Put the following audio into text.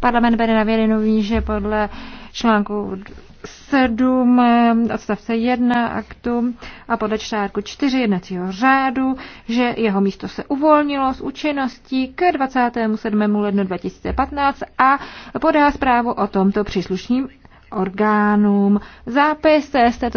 Parlament bere na vědomí, že podle článku 7 eh, odstavce 1 aktu a podle článku 4 jednacího řádu, že jeho místo se uvolnilo z účinností k 27. lednu 2015 a podá zprávu o tomto příslušním orgánům. Zápis z této